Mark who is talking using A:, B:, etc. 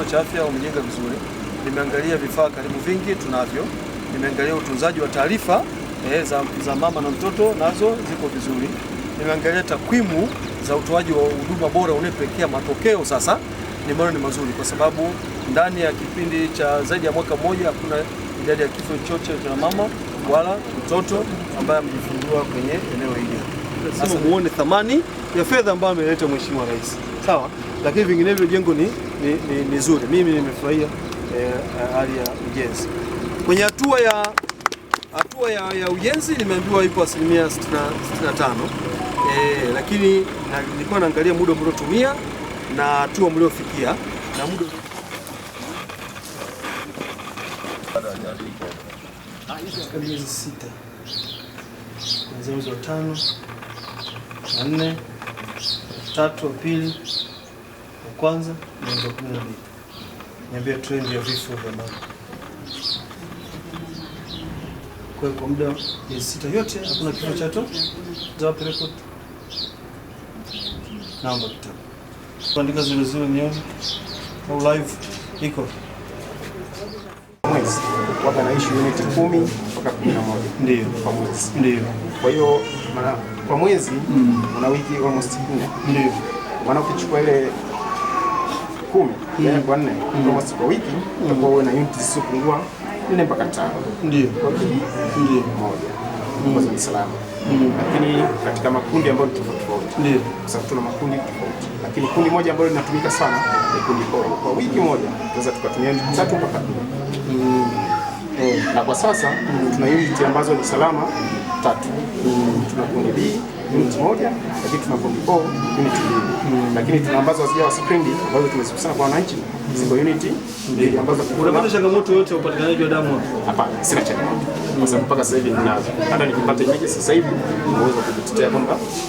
A: Kituo cha afya umejenga vizuri, nimeangalia vifaa karibu vingi tunavyo, nimeangalia utunzaji wa taarifa eh, za, za mama na mtoto nazo ziko vizuri, nimeangalia takwimu za utoaji wa huduma bora unayopelekea matokeo sasa nimeona ni mazuri, kwa sababu ndani ya kipindi cha zaidi ya mwaka mmoja hakuna idadi ya kifo chochote cha mama wala mtoto ambaye amejifungua kwenye eneo hili.
B: Sasa muone thamani ya fedha ambayo ameleta Mheshimiwa Rais, sawa, lakini vinginevyo jengo ni ni, ni, ni zuri. Mimi nimefurahia eh, eh, hali eh, ya ujenzi. Kwenye hatua ya hatua ya, ya ujenzi nimeambiwa ipo asilimia 65 eh, lakini na, nilikuwa naangalia muda mliotumia na hatua mliofikia na muda
C: miezi sita kuanzia mwezi wa tano na nne tatu wa pili kwanza mwezi wa 12. Niambia trend ya vifo vya mama. Kwa hiyo kwa muda miezi sita yote hakuna kifo cha to za perekut. Naomba kitabu. Kuandika zile zile nyoni au live iko
D: mwezi wapa naishi unit 10 mpaka 11 ndio kwa mwezi ndio. Kwa hiyo kwa mwezi mm. una wiki almost 4 ndio maana ukichukua ile kumi hmm. yani kwa nne hmm. kwa siku wiki utakuwa hmm. uwe na unit zisizopungua nne mpaka tano. Ndio ndio moja ambazo ni salama, lakini katika makundi ambayo ni tofauti
C: tofauti, kwa
D: sababu tuna makundi tofauti, lakini kundi moja ambalo linatumika sana ni kundi kwa, Kwa wiki moja tunaweza tukatumia unit tatu mpaka nne eh, na kwa sasa tuna unit ambazo ni salama tatu, tuna kundi B unit moja, lakini tuna bomb 4 unit mbili, hmm. lakini tuna ambazo hazija wa spring ambazo tumezikusanya kwa wananchi ziko unit
C: mbili ambazo.
B: Unapata changamoto yote ya upatikanaji wa damu?
D: hapa, sina changamoto kwa sababu mpaka sasa hivi ninazo, hata nikipata nyingi sasa hivi naweza kujitetea kwamba